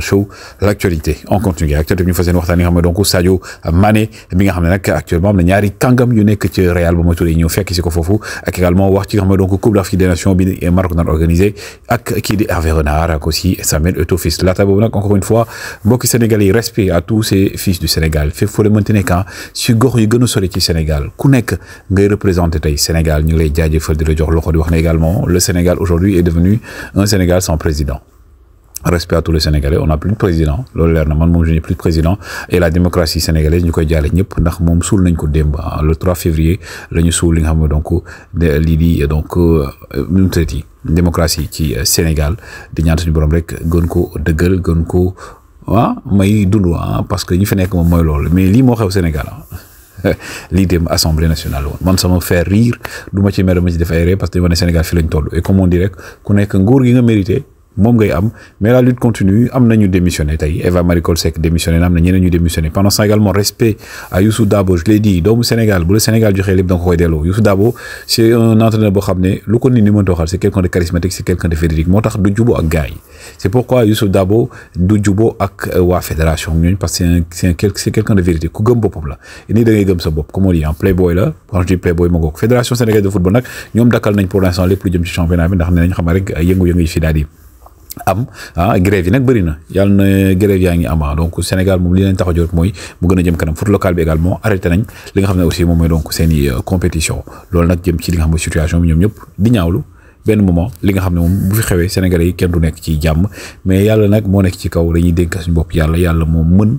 Show l'actualité en continue actuellement bi ñu fas yéene xam donc Sadio Mané mi nga xamné nak actuellement am na ñaari kangam yu nekk ci Real bu mooy tuddee fekk ci ko fofu ak également wax ci nga xam donc Coupe d'Afrique des Nations bi Maroc naan organisé ak kii di Hervé Renard ak aussi Samuel Eto'o Fils laata boobu nag encore une fois mbokki Sénégal yi respect à tous ces fils du Sénégal fépp foo le maintenir quand ah, si gox yu gën sori ci Sénégal ku nekk ngay représenter tay Sénégal ñu lay jaajëfal di la jox loxo di wax également le Sénégal aujourd'hui est devenu un Sénégal sans président respect à tous les Sénégalais on n'a plus de président le je n'ai plus de président et la démocratie sénégalaise je koy ndax nañ ko ah, le 3 février la nous li xam donc di euh, démocratie ci euh, Sénégal di ñaan suñu borom rek ah, may nous avons ah, parce que fi nous avons dit, mais Sénégal dem nationale nous man sama faire rire Je ma ci pas parce que je suis Sénégal et comme on dit rek ku un nguur mérité mom ngay am mais la lutte continue am nañu démissionné tay Eva Maricol Coll démissionné am na ñeneen ñu démissionné pendant ça également respect à Youssou Dabo je l'ai dit doomu Sénégal bu le Sénégal joxé lépp da nga koy delloo Youssou Dabo c'est un entraîneur bo xamné lu ko nit ñi mënta waxal c'est quelqu'un de charismatique c'est quelqu'un de véridique motax du djubo ak gaay c'est pourquoi Youssou Dabo du djubo ak euh, wa fédération parce que c'est c'est quelqu'un de véridique ku gëm boppam la ni da ngay gëm sa bopp comme on dit en hein, playboy là. quand je dis playboy mon ngoog fédération sénégalaise de football nak ñom dakal nañ pour l'instant lépp lu jëm ci championnat bi ndax ne nañ xam rek yëngu-yëngu fi daal am ah grève yi nag bëri na yàlla na grève yaa ngi am ah, donc Sénégal moom li leen tax a jot mooy mu gën a jëm kanam foot local bi également arrêté nañ li nga xam ne aussi moom mooy donc i euh, compétition loolu nag jëm ci li nga xam situation bi ñoom ñëpp di ñaawlu benn moment li nga xam ne moom bu fi xewee Sénégalais yi kenn du nekk ci jàmm mais yàlla nag moo nekk ci kaw dañuy dénk suñu bopp yàlla yàlla moo mën.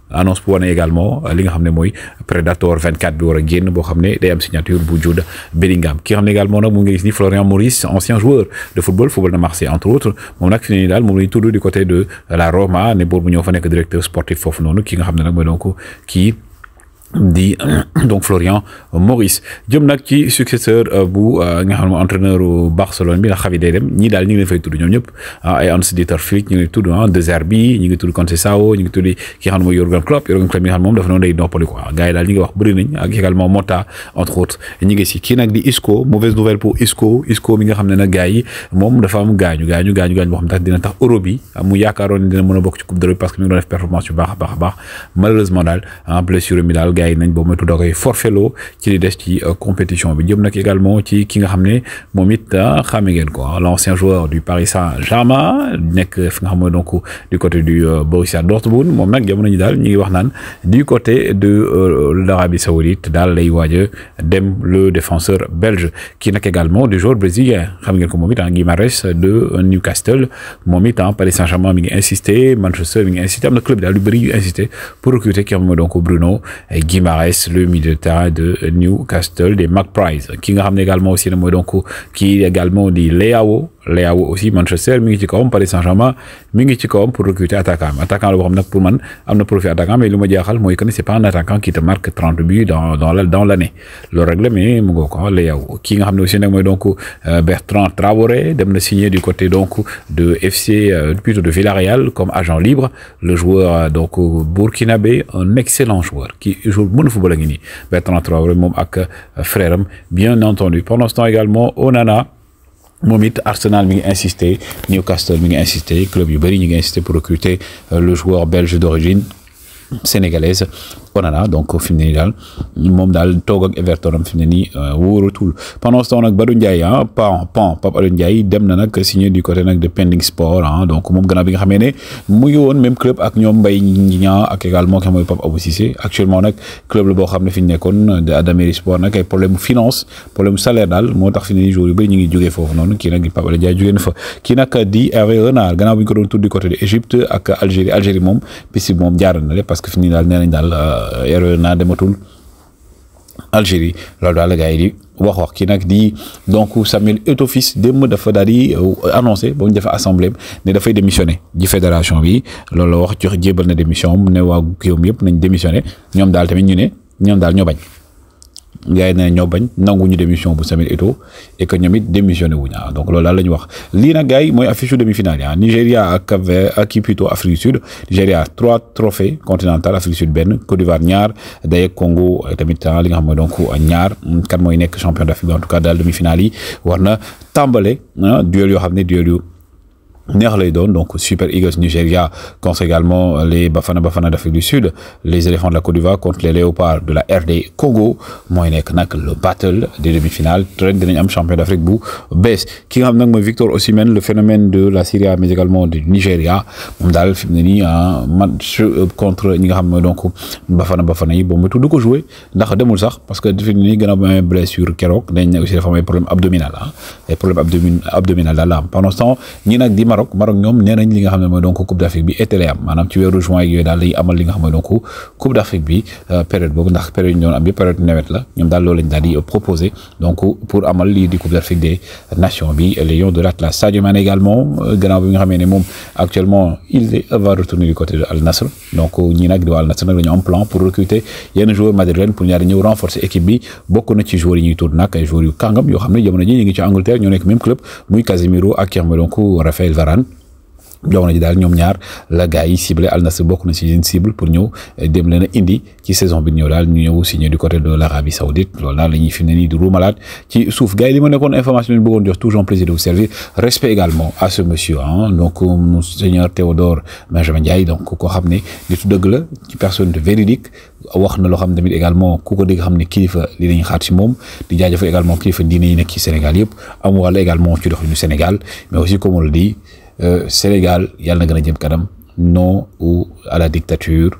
annonce pour nous également euh, li nga xamné moy Predator 24 bi war a génn day am signature bu Jude Bellingham ki xamné également ngi Florian Maurice ancien joueur de football football de Marseille entre autres moom nak fini tout nii du côté de la Roma ne est ñoo fa directeur sportif la Roma, ki nga xamné nak sportif de donc Roma dit euh, donc Florian Maurice jëm successeur euh, bu euh, nga entraîneur Barcelone bi la Xavi entre autres mauvaise pour gars yi nañ boo moytu da forfelo ci li dess ci euh, compétition bi jëm nak également ci ki nga xamné momit euh, xamé ngeen ko hein, l'ancien joueur du Paris Saint-Germain n'est que nga xam donc du côté du euh, Borussia Dortmund moom nag jëm nañu daal ñi wax nan du côté de l'Arabie Saoudite daal lay waaj dem le défenseur belge qui nak également du joueur brésilien xam ngeen ko momit it hein, de Newcastle momit it hein, Paris Saint-Germain mi insisté insister Manchester mi am club daal lu insister pour recruter qui nga donc Bruno Guimares, le milieu de terrain de Newcastle, des McPrize, qui ramène également aussi le Modonko, qui également dit Leao, Leao aussi Manchester mi ngi Paris Saint-Germain mi pour recruter attaquant attaquant pour man amna attaquant mais luma que c'est pas un attaquant qui te marque 30 buts dans dans l'année Le règlement est mais mu ko Leao qui nga aussi donc euh, Bertrand Traoré dem na signer du côté donc de FC euh, plutôt de Villarreal comme agent libre le joueur euh, donc burkinabé un excellent joueur qui joue bon de football ngini Bertrand Traoré mon ak frère bien entendu pendant ce temps également Onana mon Arsenal m'a insisté Newcastle m'a insisté club yu m'a insisté pour recruter euh, le joueur belge d'origine sénégalaise Onana donc fi mu ne dal daal moom daal ak Everton am fi mu ne nii euh, pendant ce temps nag Badou ndjay hein ah, pan pan Pape Alioune ndjay dem na nag signé du côté nak de Pending Sport hein donc mom gannaaw bi nga xamee ne mu ngi même club ak ñoom Mbaye Niang ak également ki mooy Pape Abou Cissé actuellement nak club la boo xam ne fi ñu de Adameri Sport nak ay problème finance problème salaire dal motax tax fi mu yu bëri ñi ngi jógee fofu noonu ki nak di Pape Alioune Ndiaye na fa kii nag di Hervé Renard gannaaw bi ko doon tudd du côté de Égypte ak Algérie Algérie mom pisi moom jaar na lé parce que fi mu ne nii daal Erna dematul Algérie loolu daal la gars yi di wax wax kii nag di donc Samuel Eto'o Fils démb dafa daal di euh, annoncé ba mu defee assemblée ne dafay démissionné ji fédération bi loolu la wax jox jébal na démission am ne waa kii yëpp nañ démissionné ñoom daal tamit ñu ne ñoom daal ñoo bañ gars yi une ñoo bañ ñu démission bu Samuel Eto'o et que ñoom démissioné wuña ah, donc loolu daal la ñu wax li na gars moy affiche demi-finale ah, Nigeria a ak Cap plutôt Afrique du Sud Nigeria trois trophées continentales Afrique du Sud ben, Côte d'Ivoire ñaar daye Congo euh, tamit ah, li nga xam donc euh, ñaar kan moy nek champion d'Afrique en tout cas la demi-finale yi warna na duel yo xam duel yu Nerledon donc Super Eagles Nigeria contre également les Bafana Bafana d'Afrique du Sud les éléphants de la Côte d'Ivoire contre les léopards de la RD Congo qui le battle des demi-finales très dernier champion d'Afrique Bou baisse. Qui a donc Victor Osimhen le phénomène de la Syrie mais également du Nigeria ah, euh, contre ñi donc Bafana Bafana yi tout du ko joué ndax parce que fi mu ne une blessure keroog il aussi des problèmes abdominales. problème ah. problèmes abdominales, ay problème pendant ce temps ñi Maroc Maroc ñom nénañ li nga xamné ne donc coupe d'Afrique bi été lay am maanaam ci weeru juin yooyu dal lay amal li nga xamné donc coupe d'Afrique bi euh, période bobu ndax période ñu am bi période nawet la ñom dal loolu lañ dal di euh, proposer donc pour amal li di coupe d'Afrique Afrique des nations bi les de l'Atlas. Sadio Mané également euh, gannaaw bi nga xamné mom actuellement il va retourner du côté de Al Nassr donc ñi nag du Al Nassr nag am plan pour recruter yenn joueur madrilène pour ñaari ñeu renforcer équipe bi bokku na ci joueur yi ñuy tudd nak ay joueurs yu kangam yo xamné jëm jamono ñi ñu ci Angleterre ñu nek même club muy Casemiro ak ki xam donc kebakaran jamono dal ñom ñaar la gaay yi ciblé Al Nassr bokk na ci seen cible pour ñeu eh, dem leena indi ci saison bi ñeu dal ñu ñëw signé du côté de l'Arabie Saoudite loolu daal lañuy fi ne nii di ruumalaat ci souf gaay li ma nekkoon information yi ñu jox toujours plaisir de vous servir respect également à ce monsieur ah donc euh, seigneur Théodore Benjamin Diaye donc ko xam ne tu deug la ci personne de véridique wax na lo xam tamit également ku ko dégg xam ne kilifa li lañu xaar ci mom di jaajëfal également kilifa diine yi nekk ci Sénégal yépp am wàll également ci ñu Sénégal mais aussi comme on le dit euh, Sénégal il y a jëm non ou à la dictature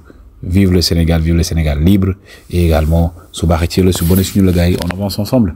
vive le Sénégal vive le Sénégal libre et également sous le sous bonne su on avance ensemble